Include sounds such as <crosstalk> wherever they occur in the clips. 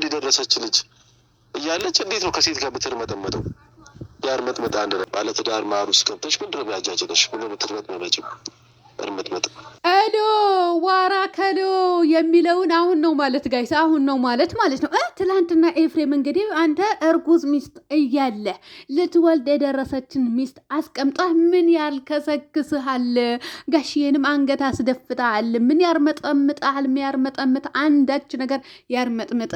አንድ የደረሰች ልጅ እያለች እንዴት ነው ከሴት ጋር ምትርመጠመጠው? ያርመጥመጥ አንድ ነው። ባለትዳር ማሩ ውስጥ ገብተሽ ምንድነው ያጃጅነች? ምን የምትርመጥመጪ? እርመጥመጥ እዶ ዋራ ከዶ የሚለውን አሁን ነው ማለት ጋይስ፣ አሁን ነው ማለት ማለት ነው። ትላንትና ኤፍሬም እንግዲህ አንተ እርጉዝ ሚስት እያለ ልትወልድ የደረሰችን ሚስት አስቀምጣ ምን ያል ከሰክስሃል? ጋሽዬንም አንገት አስደፍታል። ምን ያርመጠምጣል፣ ምን ያርመጠምጥ፣ አንዳች ነገር ያርመጥምጥ።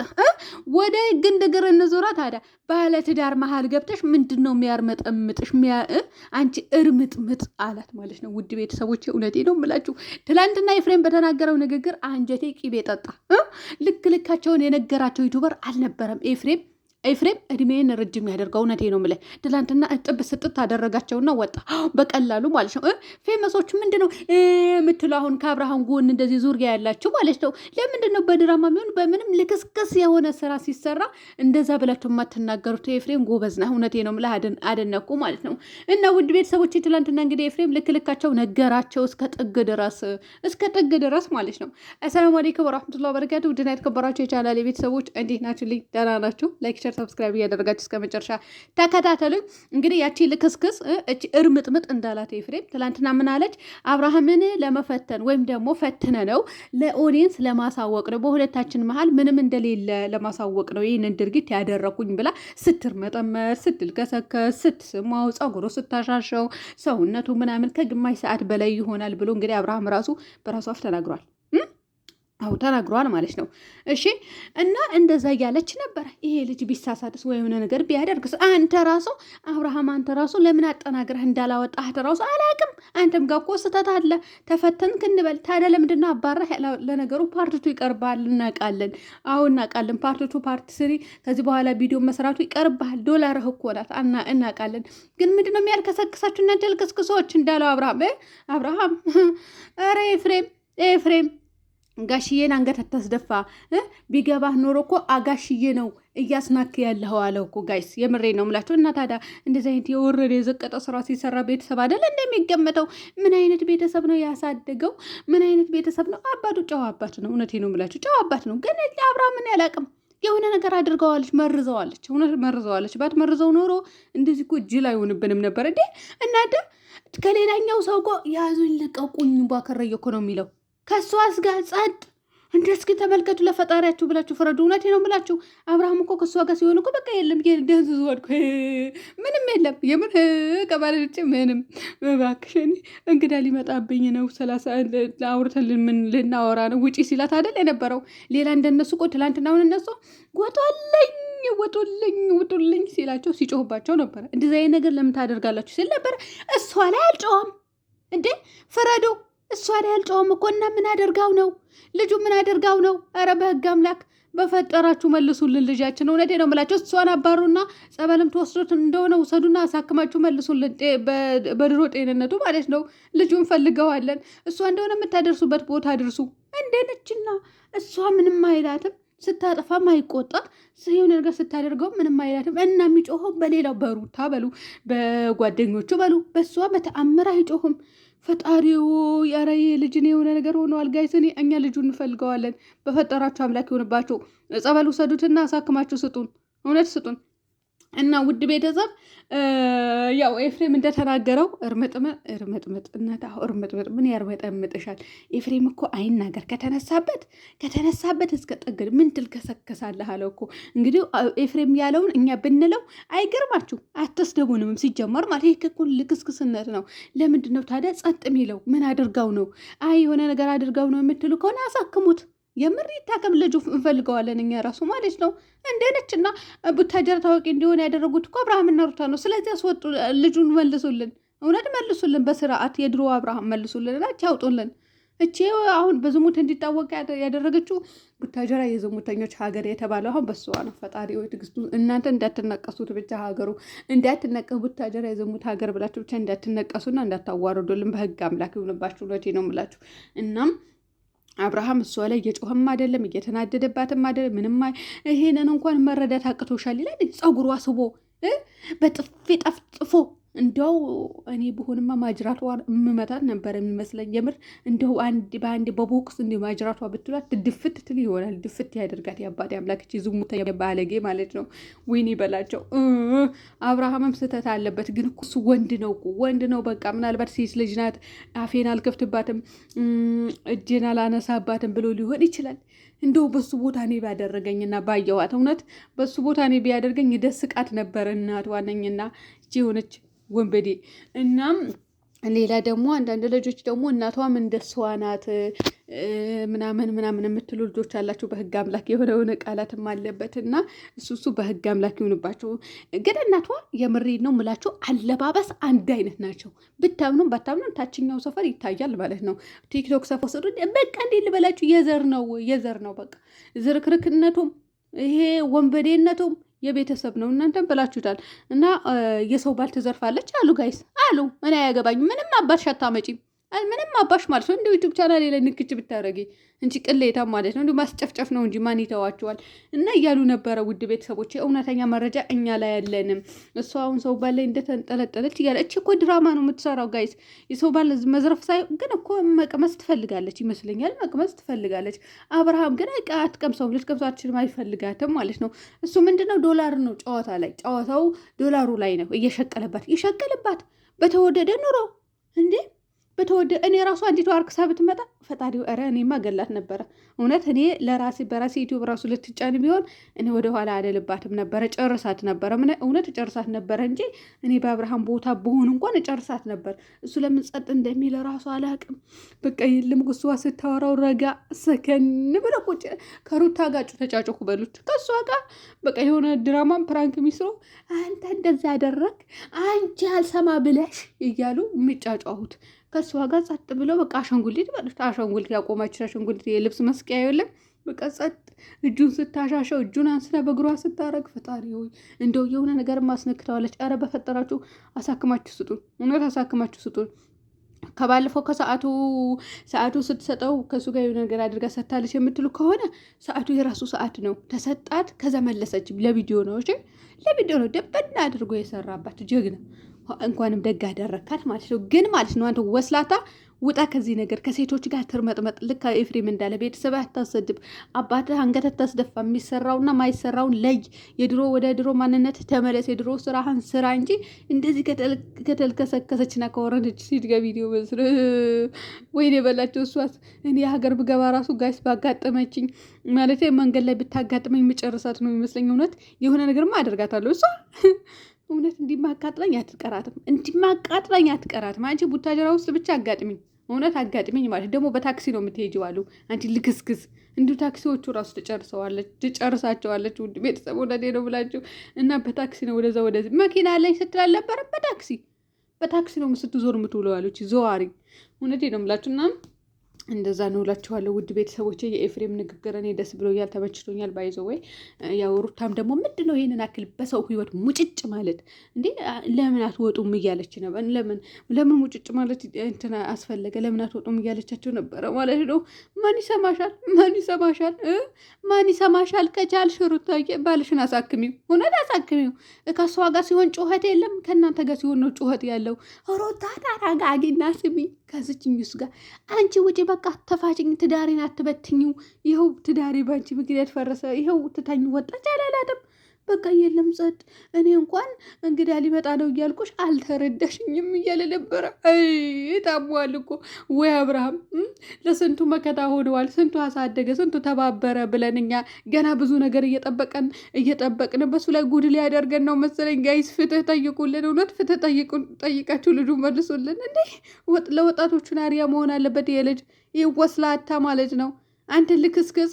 ወደ ግንድግር እንዙራ። ታዲያ። ባለ ትዳር መሀል ገብተሽ ምንድን ነው የሚያርመጠምጥሽ? አንቺ እርምጥምጥ አላት ማለት ነው። ውድ ቤተሰቦች እውነቴ ነው የምላችሁ ትላንትና ኤፍሬም በተናገረው ንግግር አንጀቴ ቂቤ ጠጣ። ልክ ልካቸውን የነገራቸው ዩቱበር አልነበረም ኤፍሬም ኤፍሬም እድሜን ረጅም ያደርገው። እውነቴ ነው የምልህ። ትላንትና ጥብ ስጥት አደረጋቸውና ወጣ በቀላሉ ማለት ነው። ፌመሶቹ ምንድን ነው የምትለው አሁን ከአብርሃም ጎን እንደዚህ ዙሪያ ያላችሁ ማለት ነው። ለምንድን ነው በድራማ ሚሆን በምንም ልክስክስ የሆነ ስራ ሲሰራ እንደዛ ብላችሁ የማትናገሩት? ኤፍሬም ጎበዝ ነህ። እውነቴ ነው የምልህ። አደነኩ ማለት ነው። እና ውድ ቤተሰቦች ትላንትና እንግዲህ ኤፍሬም ልክ ልካቸው ነገራቸው እስከ ጥግ ድረስ እስከ ጥግ ድረስ ማለት ነው። አሰላሙ አለይኩም ወራህመቱላሂ ወበረካቱ። ውድና የተከበራችሁ የቻናሌ ቤተሰቦች እንዴት ናችሁ? ልኝ ደህና ናችሁ? ላይክ ሼር፣ ሰብስክራይብ እያደረጋችሁ እስከ መጨረሻ ተከታተሉ። እንግዲህ ያቺ ልክስክስ እቺ እርምጥምጥ እንዳላት ኤፍሬም ትላንትና ምናለች? አብርሃምን ለመፈተን ወይም ደግሞ ፈትነ ነው ለኦዲየንስ ለማሳወቅ ነው፣ በሁለታችን መሀል ምንም እንደሌለ ለማሳወቅ ነው ይህንን ድርጊት ያደረኩኝ ብላ ስትርመጠመር፣ ስትልከሰከስ ስትስማው ጸጉሩ ስታሻሸው ሰውነቱ ምናምን ከግማሽ ሰዓት በላይ ይሆናል ብሎ እንግዲህ አብርሃም ራሱ በራሱ አፍ ተናግሯል። አሁ ተናግሯል ማለት ነው። እሺ እና እንደዛ እያለች ነበረ። ይሄ ልጅ ቢሳሳትስ ወይ የሆነ ነገር ቢያደርግስ? አንተ ራሱ አብርሃም፣ አንተ ራሱ ለምን አጠናግረህ እንዳላወጣህ ራሱ አላቅም። አንተም ጋር እኮ ስህተት አለ። ተፈተንክ እንበል ታዲያ ለምንድን ነው ለነገሩ ፓርቲቱ ይቀርባል፣ እናቃለን። አሁ እናቃለን። ፓርቲቱ ፓርት ስሪ፣ ከዚህ በኋላ ቪዲዮ መስራቱ ይቀርባል። ዶላርህ እኮ ናት፣ እናቃለን። ግን ምንድን ነው የሚያልከሰክሳችሁ እናንተ ልክስክሶች? እንዳለው አብርሃም አብርሃም፣ ኧረ <laughs> ኤፍሬም ኤፍሬም ጋሽዬን አንገት አታስደፋ። ቢገባህ ኖሮ እኮ አጋሽዬ ነው እያስናክ ያለው አለው እኮ ጋይስ፣ የምሬ ነው ምላቸው። እና ታዲያ እንደዚህ አይነት የወረደ የዘቀጠ ስራ ሲሰራ ቤተሰብ አደለ እንደሚገመተው? ምን አይነት ቤተሰብ ነው ያሳደገው? ምን አይነት ቤተሰብ ነው? አባቱ ጨዋ አባት ነው። እውነቴ ነው ምላቸው፣ ጨዋ አባት ነው። ግን ምን ያላቅም የሆነ ነገር አድርገዋለች፣ መርዘዋለች። እውነት መርዘዋለች። ባትመርዘው ኖሮ እንደዚህ እኮ እጅል አይሆንብንም ነበር እንዴ! እናንተ ከሌላኛው ሰው ጋር ያዙኝ ልቀቁኝ ባከረየ እኮ ነው የሚለው ከእሷስ ጋር ጸጥ እንደ እስኪ ተመልከቱ፣ ለፈጣሪያችሁ ብላችሁ ፍረዱ። እውነቴ ነው የምላችሁ። አብርሃም እኮ ከእሷ ጋር ሲሆን እኮ በቃ የለም ደንዝዝ ወድኩ፣ ምንም የለም። የምን ከማለት ውጭ ምንም። እባክሽ እንግዳ ሊመጣብኝ ነው፣ ሰላሳ አውርተን ምን ልናወራ ነው? ውጪ ሲላት አደል የነበረው። ሌላ እንደነሱ እኮ ትላንትና አሁን እነሱ ወቶለኝ ውጡልኝ ውጡልኝ ሲላቸው ሲጮሁባቸው ነበረ። እንደዚህ ነገር ለምን ታደርጋላችሁ ሲል ነበረ። እሷ ላይ አልጮኸም እንዴ? ፍረዱ እሷ ላይ አልጨውም እኮ እና ምን አደርጋው ነው ልጁ ምን አደርጋው ነው? ኧረ በህግ አምላክ በፈጠራችሁ መልሱልን ልጃችን። እውነቴ ነው የምላቸው። እሷን አባሩና ጸበልም ተወስዶት እንደሆነ ውሰዱና አሳክማችሁ መልሱልን፣ በድሮ ጤንነቱ ማለት ነው። ልጁ እንፈልገዋለን። እሷ እንደሆነ የምታደርሱበት ቦታ አድርሱ። እንዴነችና እሷ ምንም አይላትም። ስታጠፋም አይቆጣት የሆነ ነገር ስታደርገው ምንም አይላትም። እና የሚጮኸው በሌላው በሩታ በሉ በጓደኞቹ በሉ በእሷ በተአምር አይጮሁም። ፈጣሪው ያረ ልጅን የሆነ ነገር ሆነዋል። ጋይስኔ እኛ ልጁ እንፈልገዋለን። በፈጠራችሁ አምላክ ይሆንባችሁ። ጸበል ውሰዱትና አሳክማችሁ ስጡን። እውነት ስጡን። እና ውድ ቤተሰብ ያው ኤፍሬም እንደተናገረው እርምጥመ እርምጥምጥነት እነታ እርምጥምጥ ምን ያርመጠምጥሻል? ኤፍሬም እኮ አይን ነገር ከተነሳበት ከተነሳበት እስከ ጠግድ ምን ትልከሰከሳለህ አለው እኮ። እንግዲህ ኤፍሬም ያለውን እኛ ብንለው አይገርማችሁ፣ አትስደቡንም ሲጀመር ማለት ይህ እኮ ልክስክስነት ነው። ለምንድን ነው ታዲያ ጸጥ የሚለው? ምን አድርገው ነው? አይ የሆነ ነገር አድርገው ነው የምትሉ ከሆነ አሳክሙት። የምር ይታከም ልጁ እንፈልገዋለን እኛ ራሱ ማለት ነው። ነች እና ቡታጀራ ታዋቂ እንዲሆን ያደረጉት እኮ አብርሃምና ሩታ ነው። ስለዚህ አስወጡ፣ ልጁን መልሱልን፣ እውነት መልሱልን፣ በስርዓት የድሮ አብርሃም መልሱልን እና ያውጡልን። እቺ አሁን በዝሙት እንዲታወቅ ያደረገችው ቡታጀራ የዝሙተኞች ሀገር የተባለው አሁን በሷ ነው። ፈጣሪ ወይ እናንተ እንዳትነቀሱት ብቻ ሀገሩ እንዳትነቀሱ፣ ቡታጀራ የዝሙት ሀገር ብላችሁ ብቻ እንዳትነቀሱና እንዳታዋረዱልን በህግ አምላክ ይሁንባችሁ ነው የምላችሁ እናም አብርሃም እሷ ላይ እየጮኸም አይደለም እየተናደደባትም አይደለም። ምንም ይሄንን እንኳን መረዳት አቅቶሻል ይላል። ጸጉሯ ስቦ በጥፊ ጠፍጥፎ እንደው እኔ ብሆንማ ማጅራቷ የምመታት ነበር የሚመስለኝ። የምር እንደው አንድ በአንድ በቦክስ እንዲ ማጅራቷ ብትሏት ድፍት ትል ይሆናል። ድፍት ያደርጋት የአባቴ አምላክ። ዝሙተ ባለጌ ማለት ነው። ወይኔ በላቸው። አብርሃምም ስህተት አለበት፣ ግን እኮ እሱ ወንድ ነው ወንድ ነው። በቃ ምናልባት ሴት ልጅ ናት፣ አፌን አልከፍትባትም፣ እጄን አላነሳባትም ብሎ ሊሆን ይችላል። እንደው በሱ ቦታ እኔ ቢያደረገኝና ባየዋት፣ እውነት በሱ ቦታ እኔ ቢያደርገኝ ደስ ቃት ነበር እናት ዋነኝና የሆነች ወንበዴ እናም ሌላ ደግሞ አንዳንድ ልጆች ደግሞ እናቷም እንደስዋ ናት ምናምን ምናምን የምትሉ ልጆች አላችሁ። በህግ አምላክ የሆነውን ቃላትም አለበት እና እሱ እሱ በህግ አምላክ ይሆንባቸው። ግን እናቷ የምሬ ነው ምላቸው፣ አለባበስ አንድ አይነት ናቸው። ብታምኑም ባታምኑም ታችኛው ሰፈር ይታያል ማለት ነው። ቲክቶክ ሰፈር ስሩ በቃ እንዴ ልበላችሁ፣ የዘር ነው የዘር ነው በቃ ዝርክርክነቱም ይሄ ወንበዴነቱም የቤተሰብ ነው እናንተም ብላችሁታል። እና የሰው ባል ትዘርፋለች አሉ ጋይስ አሉ። እኔ አያገባኝ ምንም አባትሽ አታመጪም። ምንም አባሽ ማለት ነው። እንደ ዩቱብ ቻናል ላይ ንክች ብታደረጊ እንጂ ቅሌታ ማለት ነው። እንዲ ማስጨፍጨፍ ነው እንጂ ማን ይተዋቸዋል? እና እያሉ ነበረ። ውድ ቤተሰቦች፣ እውነተኛ መረጃ እኛ ላይ ያለንም። እሱ አሁን ሰው ባል ላይ እንደተንጠለጠለች እያለ እቺ እኮ ድራማ ነው የምትሰራው ጋይስ። የሰው ባል መዝረፍ ሳይ ግን እኮ መቅመስ ትፈልጋለች ይመስለኛል። መቅመስ ትፈልጋለች። አብርሃም ግን አትቀምሰው፣ ልትቀምሰው አትችልም፣ አይፈልጋትም ማለት ነው። እሱ ምንድነው ዶላር ነው ጨዋታ ላይ ጨዋታው ዶላሩ ላይ ነው እየሸቀለባት እየሸቀለባት በተወደደ ኑሮ እንዴ በተወደ እኔ ራሱ አንዲቱ አርክሳ ብትመጣ ፈጣሪው ረ እኔማ ገላት ነበረ። እውነት እኔ ለራሴ በራሴ ዩቲዩብ ራሱ ልትጫን ቢሆን እኔ ወደኋላ አደልባትም ነበረ፣ ጨርሳት ነበረ። እውነት ጨርሳት ነበረ እንጂ እኔ በአብርሃም ቦታ ብሆን እንኳን ጨርሳት ነበር። እሱ ለምን ጸጥ እንደሚል ራሱ አላቅም። በቃ የለም እሷ ስታወራው ረጋ ሰከን ብለ ቁጭ ከሩታ ጋጩ ተጫጮኩ በሉት ከእሷ ጋር በቃ የሆነ ድራማን ፕራንክ የሚስሩ አንተ እንደዛ ያደረግ አንቺ አልሰማ ብለሽ እያሉ የሚጫጫሁት ከእሷ ጋር ጸጥ ብሎ በቃ አሸንጉሊት ማለት አሸንጉሊት ያቆማች አሸንጉሊት የልብስ መስቀያ የለም። በቃ ጸጥ እጁን ስታሻሸው እጁን አንስታ በእግሯ ስታረግ ፈጣሪ ሆይ እንደው የሆነ ነገር ማስነክተዋለች። ኧረ በፈጠራችሁ አሳክማችሁ ስጡን፣ እውነት አሳክማችሁ ስጡን። ከባለፈው ከሰዓቱ ሰዓቱ ስትሰጠው ከእሱ ጋር የሆነ ነገር አድርጋ ሰታለች የምትሉ ከሆነ ሰዓቱ የራሱ ሰዓት ነው። ተሰጣት፣ ከዛ መለሰች። ለቪዲዮ ነው፣ ለቪዲዮ ነው። ደበና አድርጎ የሰራባት ጀግና እንኳንም ደግ አደረካት ማለት ነው። ግን ማለት ነው አንተ ወስላታ ውጣ ከዚህ ነገር ከሴቶች ጋር ትርመጥመጥ። ልክ ኤፍሬም እንዳለ ቤተሰብ አታሰድብ፣ አባትህ አንገት አታስደፋ። የሚሰራውና ማይሰራውን ለይ። የድሮ ወደ ድሮ ማንነት ተመለስ። የድሮ ስራህን ስራ እንጂ እንደዚህ ከተልከሰከሰችና ከወረደች ሴት ጋር ቪዲዮ መስሎ <laughs> ወይኔ የበላቸው እሷስ። እኔ ሀገር ብገባ ራሱ ጋይስ ባጋጠመችኝ ማለት መንገድ ላይ ብታጋጥመኝ የምጨርሳት ነው የሚመስለኝ። እውነት የሆነ ነገርማ አደርጋታለሁ እሷ እውነት እንዲማቃጥለኝ አትቀራትም፣ እንዲማቃጥለኝ አትቀራትም። አንቺ ቡታጀራ ውስጥ ብቻ አጋጥሚኝ፣ እውነት አጋጥሚኝ። ማለት ደግሞ በታክሲ ነው የምትሄጂው አሉ አንቺ ልክስክስ። እንዲሁ ታክሲዎቹ ራሱ ትጨርሰዋለች ትጨርሳቸዋለች። ውድ ቤተሰብ እውነቴ ነው ብላችሁ እና በታክሲ ነው ወደዛ ወደዚህ። መኪና አለኝ ስትል አልነበረም? በታክሲ በታክሲ ነው ስትዞር የምትውለው አለች። ዘዋሪ እውነቴ ነው ብላችሁ ምናምን እንደዛ ነው እላችኋለሁ ውድ ቤተሰቦች። የኤፍሬም ንግግር እኔ ደስ ብሎኛል፣ ተመችቶኛል። ባይዞ ወይ ያው ሩታም ደግሞ ምንድን ነው ይህንን አክል በሰው ህይወት ሙጭጭ ማለት እንዴ? ለምን አትወጡም እያለች ነበር። ለምን ለምን ሙጭጭ ማለት እንትን አስፈለገ? ለምን አትወጡም እያለቻቸው ነበረ ማለት ነው። ማን ይሰማሻል? ማን ይሰማሻል? ማን ይሰማሻል? ከቻልሽ ሩታዬ ባልሽን አሳክሚው፣ እውነት አሳክሚው። ከእሷ ጋር ሲሆን ጩኸት የለም፣ ከእናንተ ጋር ሲሆን ነው ጩኸት ያለው። ሩታ ተረጋጊና ስሚ ከዚች ሚስ ጋር አንቺ ውጪ፣ በቃ ተፋጭኝ፣ ትዳሬን አትበትኝው። ይኸው ትዳሬ በአንቺ ምክንያት ፈረሰ፣ ይኸው ትታኝ ወጣች አላላትም። በቃ የለም ጸጥ። እኔ እንኳን እንግዳ ሊመጣ ነው እያልኩሽ አልተረዳሽኝም እያለ ነበረ። ታሟል እኮ ወይ አብርሃም፣ ለስንቱ መከታ ሆነዋል፣ ስንቱ አሳደገ፣ ስንቱ ተባበረ ብለን እኛ ገና ብዙ ነገር እየጠበቀን እየጠበቅን በሱ ላይ ጉድ ሊያደርገን ነው መሰለኝ። ጋይስ ፍትህ ጠይቁልን፣ እውነት ፍትህ ጠይቃችሁ ልጁ መልሱልን። እንዴ ለወጣቶቹን አርያ መሆን አለበት የልጅ ይወስላታ ማለት ነው። አንተ ልክስክስ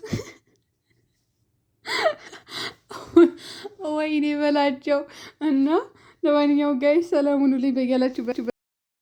ወይኔ በላቸው እና ለማንኛውም ጋይ ሰላሙኑ ልኝ በያላችሁበት